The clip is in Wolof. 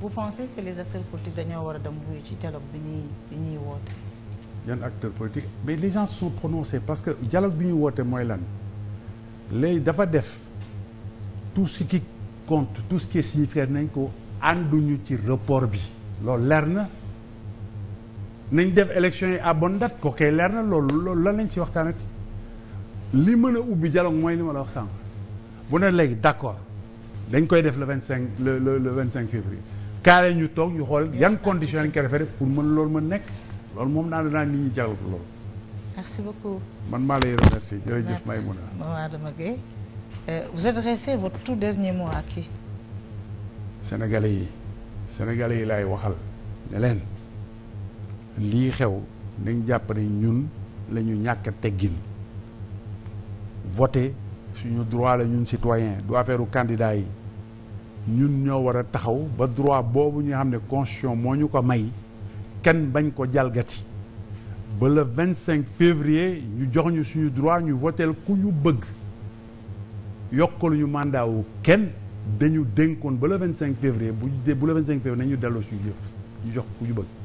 vous pensez que les acteurs politiques dañoo war a dem buy ci dialogue bi ñuy ñuy woote. yan acteur politiques mais les gens sont prononcés parce que dialogue bi ñu woote mooy lan léegi dafa def tout ce qui compte tout ce qui est nañ ko ànduñu ci report bi. loolu leer na nañ def élection yi à bonne date ko kay leer na loolu loolu lan lañ ci waxtaanati li mën a ubbi dialogue mooy li ma la wax sànq bu ne léegi d'accord dañ koy def le vingt cinq le le cinq février. kaale ñu toog ñu xool yan condition lañ pour mën loolu mën nekk loolu moom naa danaa nit ñi jagal ko loolu. merci man maa lay remercier jërëjëf Maïmouna. maman Adama Gueye euh, vous adressez votre tout dernier mot yi Sénégalais yi laay waxal ne leen lii xew nañ jàpp ne ñun la ñu ñàkk teggin voter suñu droit la ñun citoyen du affaire candidat yi. ñun ñoo war a taxaw ba droit boobu ñu xam ne constitution moo ñu ko may kenn bañ ko jàlgati ba le vingt cinq février ñu jox ñu suñu droit ñu voteel ku ñu bëgg yokkaluñu mandat wu kenn dañu dénkoon ba le vingt cinq février bu bu la vingt cinq février nañu delloo suñu jëf ñu jox ku ñu bëgg